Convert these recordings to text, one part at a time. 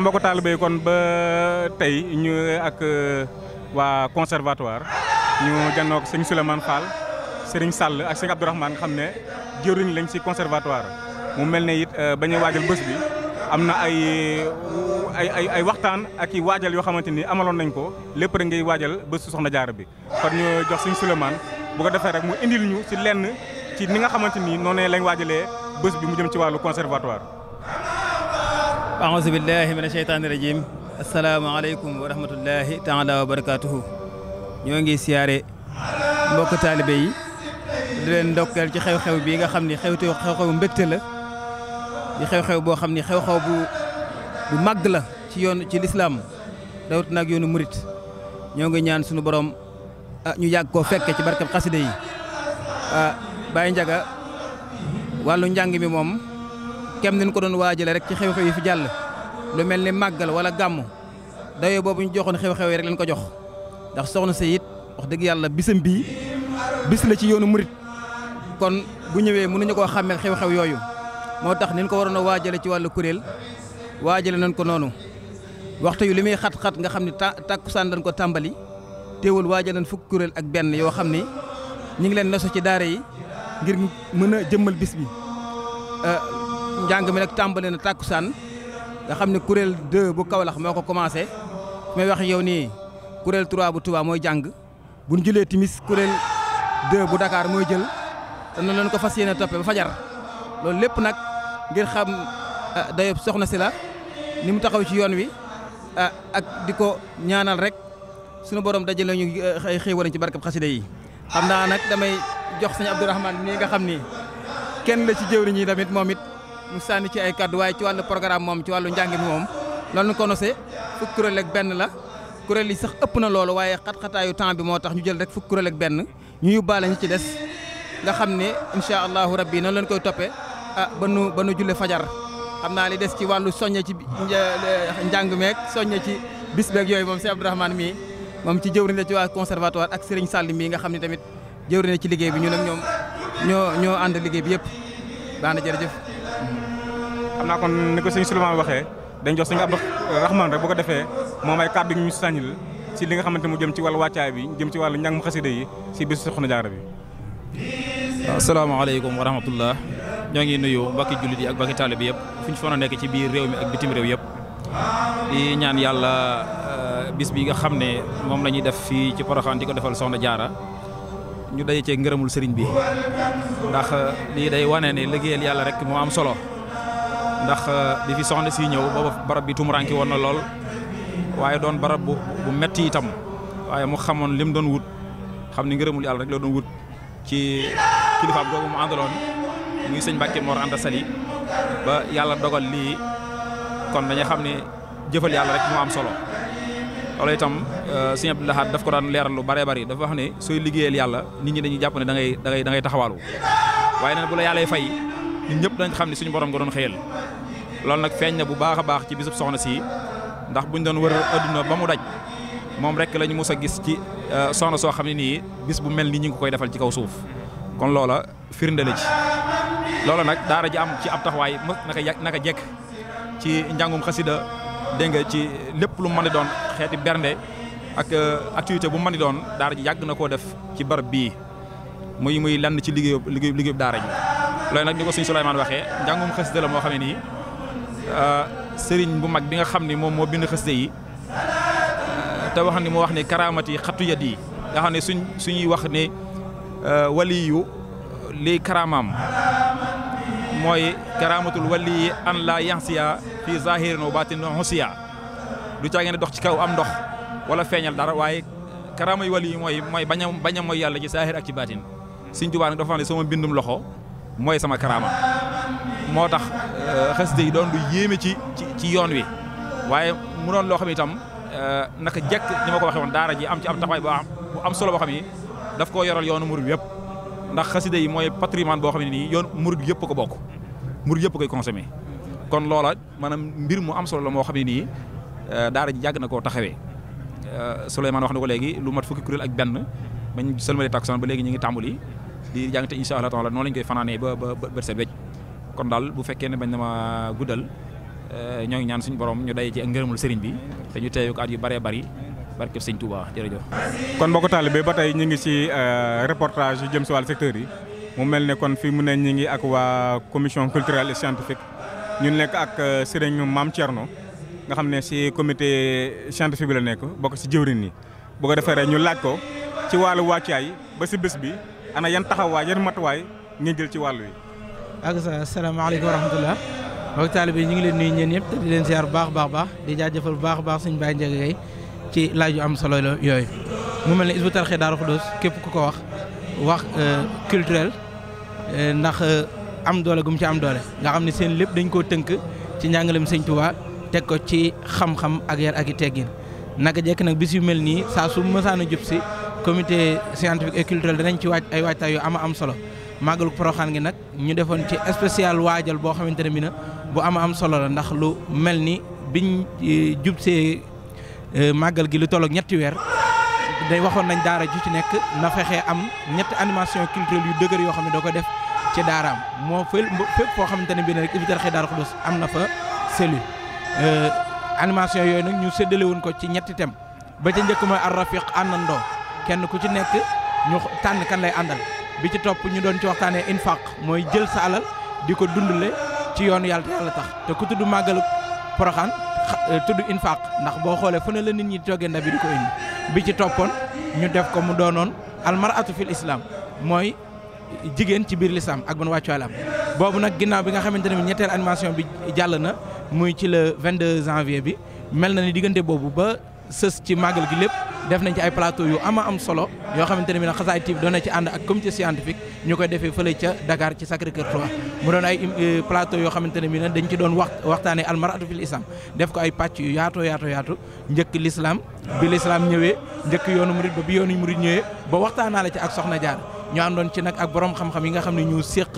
mbokk taalibe yi kon ba tey ñu ak euh, waa conservatoire ñu jannoog sëñ Souleymane sëriñ Sall ak sëñ Abdourahmane nga xam ne jëriñ lañ ci conservatoire mu mel ne it euh, ba ñu waajal bés bi am na ay ay ay ay waxtaan ak i waajal yoo xamante ni amaloon nañ ko lépp rek ngay waajal bésu soxna jaar bi kon ñu jox sëñ Souleymane bu ko defee rek mu indil ñu ci lenn ci ni nga xamante ni noonu lañ waajalee bës bi mu jëm ci wàllu conservatoire aouzu billahi mina sheytaani rajim asalaamaaleykum wa rahmatullahi taala wa ñoo ngi siyaare mbokk taalibe yi di ndokkeel ci xew-xew bii nga xam ni xewte xew-xew mbégte la di xew-xew boo xam ni xew-xew bu bu màgg la ci yoon ci lislaam dawut nag yoonu murit ñoo ngi ñaan suñu borom ñu yàgg koo fekke ci barkab xasida yi ah Baye wàllu njàng mi moom kem ni ko doon waajale rek ci xew-xew yi fi jàll lu mel ni màggal wala gàmm dayoo boobu ñu joxoon xew-xew yi rek lañ ko jox ndax soxna si it wax dëgg yàlla bisam bii bis la ci yoonu murit kon bu ñëwee mënuñu koo xàmmee xew-xew yooyu moo tax ni ko waroon a waajale ci wàllu kuréel waajale nañ ko noonu waxtu yi li muy xat-xat nga xam ne tàkkusaan dañ ko tàmbali teewul waajal nañ fukk kuréel ak benn yoo xam ni ñu ngi leen naso ci daara yi ngir mën a jëmmal bis euh, njàng mi nag tàmbali na tàkkusaan nga xam ne kuréel bu kawlax moo ko commencé fi may wax yow nii kuréel 3 bu Touba mooy jàng bu ñu jëlee timis kuréel 2 bu dakaar mooy jël te na lañ ko fas yéene toppee ba fajar loolu lépp nag ngir xam ah, dayob soxna si la ni mu taxaw ci yoon wi ah, ak di ko ñaanal rek sunu borom dajale ñu xëy eh, xëy ci barkab xasida yi xam naa nag damay jox sëñ Abdourahmane nii nga xam ni kenn la ci jëwriñ yi tamit moom it mu sànni ci ay kàddu waaye ci wàllu programme moom ci wàllu njàng mi moom loolu nu ko nosee fukki kuréel ak benn la kuréel yi sax ëpp na loolu waaye xat-xataayu temps bi moo tax ñu jël rek fukki kuréel ak benn ñu yóbbaale ñu ci des nga xam ne incha allahu rabbi noonu leen koy toppee ah ba nu ba nu julle fajar xam naa li des ci wàllu soññe ci eh, njàng meeg soññe ci bis beeg yooyu moom si Abdourahmane mii moom ci jëwriñ la ci waa conservatoire ak Serigne Sall mii nga xam ne tamit jëwriñ la ci liggéey bi ñun ak ñoom ñoo ñoo ànd liggéey bi yëpp daana jërëjëf xam kon ni ko sëñ Souleymane waxee dañ jox sëñ Abdou Rahman rek bu ko defee moom ay kàddu ñu sàññil ci li nga xamante mu jëm ci wàll wàccaay bi jëm ci wàllu njàng mu xasida yi ci biir Soxna Jaara bi asalaamaaleykum ñoo ngi nuyu mbokki jullit ak mbokki taalibe bi yëpp fu ñu foon a nekk ci biir réew mi ak bitim réew yëpp di ñaan yàlla euh, bis bi nga xam ne moom la ñuy def fii ci Porokhane di ko defal Soxna Jaara ñu daje cee ngërëmul sëriñ bi ndax lii day wane ne liggéeyal yàlla rek moo am solo ndax euh, bi fi soxna si ñëw booba barab bi tumuranki woon na lool waaye doon barab bu bu metti itam waaye mu xamoon lim doon wut xam ni ngërëmul yàlla rek la doon wut ci kilifaam googu mu àndaloon muy sëñ Mbàkke Mor Anta Sali yàlla dogal lii kon dañu xam ne jëfal yàlla rek moo am solo loolu itam euh, sëñ Abdou Lahad daf ko daan leeral lu bare bari dafa wax ne sooy liggéeyal yàlla nit ñi dañuy jàpp ne da ngay da ngay da ngay taxawaalu waaye nag bu la yàlla fay nit ñëpp dañ xam ne suñu borom nga doon xëyal loolu nag feeñ na bu baax a baax ci bisub soxna sii ndax buñ doon wër adduna ba mu daj moom rek lañu mës a gis ci euh, soxna soo xam ne nii bis bu mel nii ñu ngi koy defal ci kaw suuf kon loola firnde la ci loola nag daara ji am ci ab taxawaay naka naka jekk ci njàngum xasida dégg nga ci lépp lu mën di doon xeeti bernde ak euh, activité bu mën di doon daara ji yàgg na koo def ci barab bii muy muy lenn ci liggéeyu liggéeyu daara ji loolu nag ñu ko suñ Souleymane waxee njàngum xasida la moo xam ne nii Euh, sëriñ bu mag bi nga xam ne moom moo bind xëste yi te wax ni moo wax ne karaamat yi xattu yi nga xam ne suñ suñuy wax ne euh, waliyu lii karaamaam mooy karaamatul wali an la yansiya fi zahirin wa batin husiya du caagee dox ci kaw am ndox wala feeñal dara waaye karaamay wali mooy mooy bañ a mooy yàlla ci zahir ak ci baatin Sëriñ Tuubaa nag dafa wax ne sama mbindum loxo mooy sama karaama moo tax Euh, xasida yi doon lu yéeme ci ci yoon wi waaye mu doon loo xam itam euh, naka jekk ni ma ko waxee woon daara ji am ci am taxawaay bu am solo boo xam ni daf koo yoral yoonu murid yëpp ndax xasida yi mooy patrimoine boo xam ne nii yoon murid yëpp ko bokk murid yëpp koy consommé kon loola maanaam mbir mu am solo la moo xam ne nii euh, daara ji yàgg na koo taxawee Souleymane wax na ko léegi lu mat fukki kuréel ak benn ba bañ sëlmali takkusaan ba léegi ñu ngi tàmbali di jàng te incha allah taala noonu lañ koy fanaanee ba ba ba set wecc kon daal bu fekkee ne bañ na ma guddal eh, ñoo ngi ñaan suñu borom ñu day ci ngërëmul sëriñ bi te ñu teeyu ko at yu bëree bëri barke sëñ Touba jërëjëf. kon mbokk taalibe ba tey ñu ngi ci eh, reportage yu jëm si wàll secteur yi mu mel ne kon fii mu ne ñu ngi ak waa commission culturelle et ñu nekk ak eh, sëriñ Mame Thierno nga xam ne si comité scientifique bi la nekk bokk si jëwrin yi bu ko defee ñu laaj ko ci wàllu wàccaay ba si bés bi ana yan taxawaay yan matuwaay ngeen jël ci wàll yi. ak asalaamaaleykum wa rahmatulah mbokk taalibe yi ñu ngi leen nuyu ñeen ñëpp te di leen ziar bu baax baax baax di jaajëfal bu baax baax suñu Baye Ndiaga ci laaj yu am solo yooyu mu mel ne Hizbut Tarqiyyah Daaru képp ku ko wax wax euh, culturel euh, ndax euh, am doole gum ci am doole nga xam ne seen lépp dañ koo tënk ci njàngalem Sëñ Tuubaa teg ko ci xam ak yar ak i teggin naka jekk nag bis yu mel nii saa su mësaan a jub si comité scientifique et culturel danañ ci waaj ay waajtaay yu ama am solo màggalu poroxaan gi nag ñu defoon ci spécial waajal boo xamante ne bi na bu am am solo la ndax lu mel ni biñ eh, jubsee eh, màggal gi lu tollook ñetti weer day waxoon nañ daara ju ci nekk na fexee am ñetti animation culturelle yu dëgër yoo xam ne doo ko def ci daaraam moo fépp foo xamante ne bi ne rek ibi daar daara xudus am na fa cellule eh, animation yooyu nag ñu séddale ko ci ñetti thème ba ca njëkk mooy ar rafiq àndandoo kenn ku ci nekk ñu tànn kan lay àndal bi ci topp ñu doon ci waxtaanee infaq mooy jël sa alal di ko dundale ci yoon yàlla te yàlla tax te ku tudd màggalu poroxaan euh, tudd infaq ndax boo xoolee fu ne la nit ñi toggee ndabi di ko indi bi ci toppoon ñu def ko mu doonoon almaratu fil islam mooy jigéen ci biir lislaam ak ban wàccuwalam boobu nag ginnaaw bi nga xamante ne bi ñetteel animation bi jàll na muy ci le 22 janvier bi mel na ni diggante boobu ba sës ci màggal gi lépp def nañ ci ay plateau yu ama am solo yoo xamante ne bi nag xasaay TV doon na ci ànd ak comité scientifique ñu koy defee fële ca Dakar ci Sacré Cœur 3 mu doon ay euh, plateau yoo xamante ne bi nag dañ ci doon wax waxtaanee almaratu fil islam def ko ay pàcc yu yaatoo yaatoo yaatu njëkk lislaam bi lislaam ñëwee njëkk yoonu murid ba bi yoonu murid ñëwee ba waxtaanaa la ci ak soxna jaar ñu àndoon ci nag ak boroom xam-xam yi nga xam ne ñu séq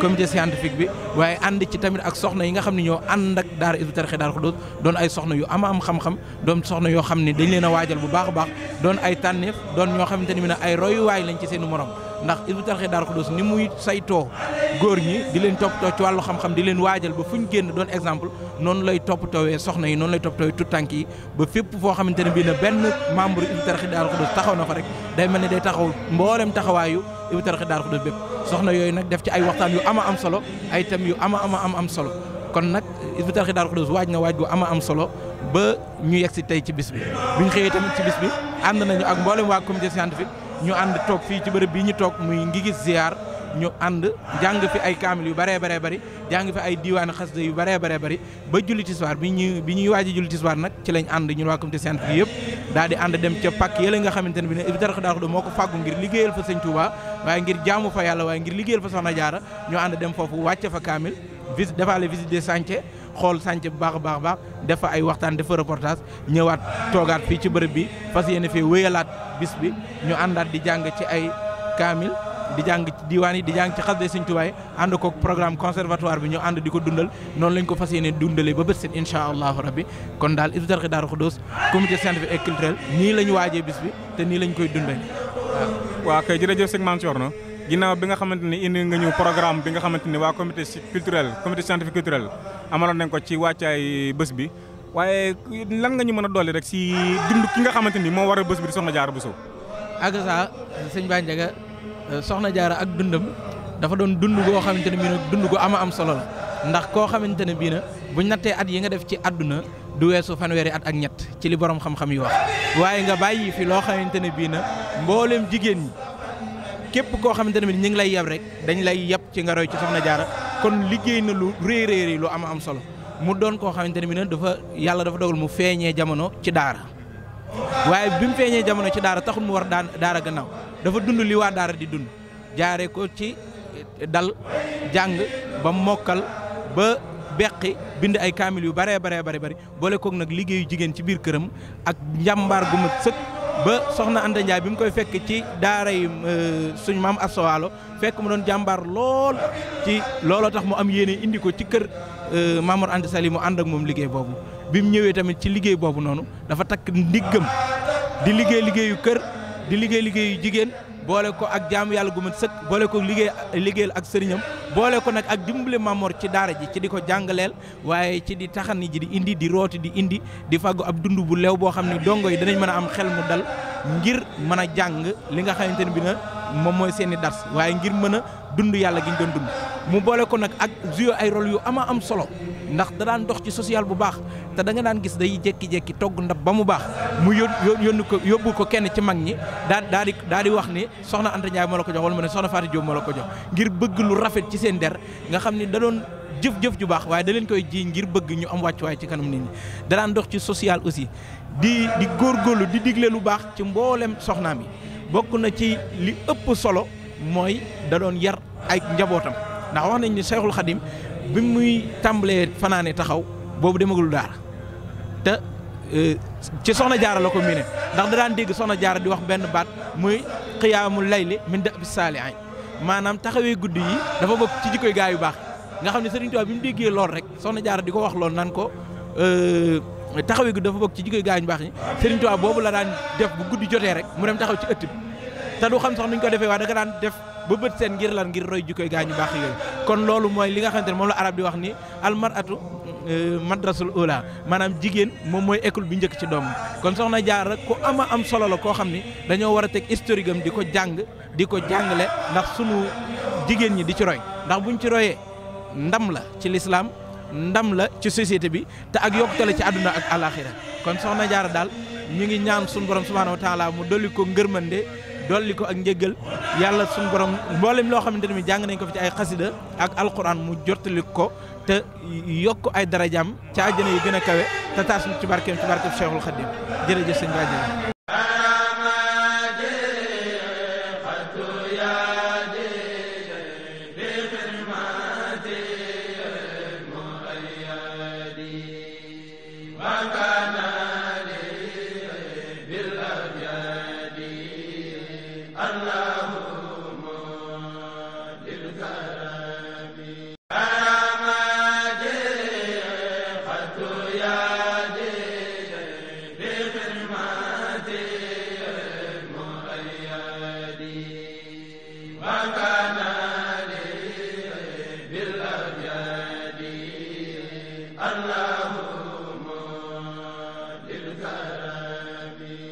comité scientifique bi waaye ànd ci tamit ak soxna yi nga xam ne ñoo ànd ak daara Hizbut Tarqiyyah Daaru Xudoos doon ay soxna yu am am xam-xam doon soxna yoo xam ne dañ leen a waajal bu baax a baax doon ay tànneef doon ñoo xam ne bi ne ay royuwaay lañ ci seeni morom ndax Hizbut Tarqiyyah Daaru Xudoos ni muy saytoo góor ñi di leen toppatoo ci wàllu xam-xam di leen waajal ba fu ñu génn doon exemple noonu lay topp toppatoowee soxna yi noonu lay toppatoowee tout tànk yi ba fépp foo xamante ne bii na benn membre Hizbut Tarqiyyah Daaru Xudoos taxaw na fa rek day mel ne day taxaw mboolem taxawaayu Hizbut Tarqiyyah Daaru Xudoos bépp soxna yooyu nag def ci ay waxtaan yu ama am solo ay thèmes yu ama ama am am solo kon nag Hizbut Tarqiyyah Daaru Xudoos waaj na waaj gu ama am solo ba ñu yegg si tey ci bis bi bu ñu xëyee tamit ci bis bi ànd nañu ak mboolem waa comité scientifique ñu ànd toog fii ci bërëb bii ñu toog muy ngi gis Ziar ñu ànd jàng fi ay kaamil yu bare baree bari jàng fi ay diiwaani xasida yu bëree bare bari ba julli tisbaar bi ñuy bi ñuy waaj a julli tisbaar nag ci lañ ànd ñun waa comité scientifique yëpp daal di ànd dem ca pàkk yële nga xamante ne bi ne Hizbut Tarqiyyah Daaru moo ko fàggu ngir liggéeyal fa sëñ Touba waaye ngir jaamu fa yàlla waaye ngir liggéeyal fa Soxna Jaara ñu ànd dem foofu wàcce fa kaamil visite defaale visite des chantiers xool sànc bu baax a baax baax defa ay waxtaan dafa reportage ñëwaat toogaat fii ci bërëb bi fas yéene fee wéyalaat bis bi ñu àndaat di jàng ci ay kaamil di jàng ci diwaan yi di jàng ci xasida Sëñ Tuubaa ànd ko programme conservatoire bi ñu ànd di ko dundal noonu lañ ko fas yéene dundale ba bët seen incha allahu rabbi kon daal Hizbut Tarqiyyah Daaru Xudoos comité scientifique et culturel nii la ñu waajee bis bi te nii lañ koy dundee waaw. waa kay jërëjëf sëñ Mansour ginnaaw bi nga xamante ni indi nga ñu programme bi nga xamante ni waa comité culturel comité scientifique culturel amaloon nañ ko ci wàccaay bés bi waaye lan nga ñu mën a dolli rek si dund ki nga xamante ni moo war a bés bi di soxna jaara Bousso. ak saa sëñ Ba Ndiaga soxna jaara ak dundam dafa doon dund goo xamante ne bii nag dund gu ama am solo ndax koo xamante ne bii na bu nattee at yi nga def ci àdduna du weesu fanweeri at ak ñett ci li boroom xam yi wax waaye ne bii na mboolem jigéen ñi. képp koo xamante ne ñu ngi lay yab rek dañ lay yab ci nga roy ci soxna jaara kon liggéey na lu rëy yi lu am am solo mu doon koo xamante ne bi ne dafa yàlla dafa dogal mu feeñee jamono ci daara waaye bi mu feeñee jamono ci daara taxul mu war daan daara gannaaw dafa dund li waa daara di dund jaare ko ci dal jàng ba mokkal ba beqi bind ay kaamil yu baree baree bari bëri boole koog nag liggéeyu jigéen ci biir këram ak njàmbaar gu ma sëkk ba soxna Anta bi mu koy fekk ci daara yi euh, suñ maam Assawaalo fekk mu doon jàmbaar lool ci looloo tax mu am yéene indi ko ci kër euh, Mamour Anta Sali mu ànd ak moom liggéey boobu bi mu ñëwee tamit ci liggéey boobu noonu dafa takk ndiggam di liggéey liggéeyu kër di liggéey liggéeyu jigéen boole ko ak jaamu yàlla gu ma sëkk boole ko liggéey liggéeyal ak sëriñam boole ko nag ak dimbali Mamor ci daara ji ci di ko jàngaleel waaye ci di taxani ji di indi di rooti di indi di fàggu ab dund bu leew boo xam ne dongo yi danañ mën a am xel mu dal ngir mën a jàng li nga xamante ne bi na moom mooy seen i dars waaye ngir mën a dund yàlla gi ñu doon dund mu boole ko nag ak joué ay rôle yu ama am solo ndax da daan dox ci social bu baax te da nga daan gis day jékki-jékki togg ndab ba mu baax mu yó yónni ko yóbbul ko kenn ci mag ñi daa daa di daa di wax ne soxna Anta Ndiaye ko jox wala mu ne soxna Fatou Diop ko jox ngir bëgg lu rafet ci seen der nga xam ni da jëf-jëf ju baax waaye da koy ji ngir bëgg ñu am wàccuwaay ci kanam nit ñi daan dox ci social aussi di di góorlu di digle lu baax ci mboolem soxnaam yi bokk na ci li ëpp solo mooy da doon yar ay njabootam. ndax wax nañ ni Seexul Xadim bi muy tàmbalee fanaanee taxaw boobu demagul daara te euh, ci soxna jaara la ko miine ndax da daan dégg soxna jaara di wax benn baat muy xiyaamul layli min da'bi saalihiin maanaam taxawee guddi yi dafa bokk ci jikkoy gaa yu baax nga xam ne Sëriñ Tuubaa bi mu déggee lool rek soxna jaara di ko wax lool nan ko euh, taxawee guddi dafa bokk ci jikkoy gaa yu baax yi Sëriñ Tuubaa boobu la daan def bu guddi jotee rek mu dem taxaw ci ëtt te du xam sax nuñ ko defee waa da nga daan def ba bët seen ngir lan ngir roy jikkoy gaañu baax yooyu kon loolu mooy li nga xamante ne moom la arab di wax ni almaratu euh, madrasul ula maanaam jigéen moom mooy école bi njëkk ci doom kon soxna Jaara ku ama am solo la koo xam ni dañoo war a teg historique am di ko jàng di ko jàngale ndax sunu jigéen ñi di ci roy ndax buñ ci royee ndam la ci lislaam ndam la ci société bi te ak yokkute la ci àdduna ak alaxira kon soxna Jaara daal ñu ngi ñaan sunu borom subhaanahu wa taala mu dolli ko ngërmande dolli ko ak njëggal yàlla suñu borom mboolem loo xamante ne mi jàng nañ ko fi ci ay xasida ak alquran mu jottali ko te yokk ay darajaam ca àjjana yi gën a kawe te taas ci barkeem ci barkeem Cheikhul Khadim jërëjëf sëñ Ba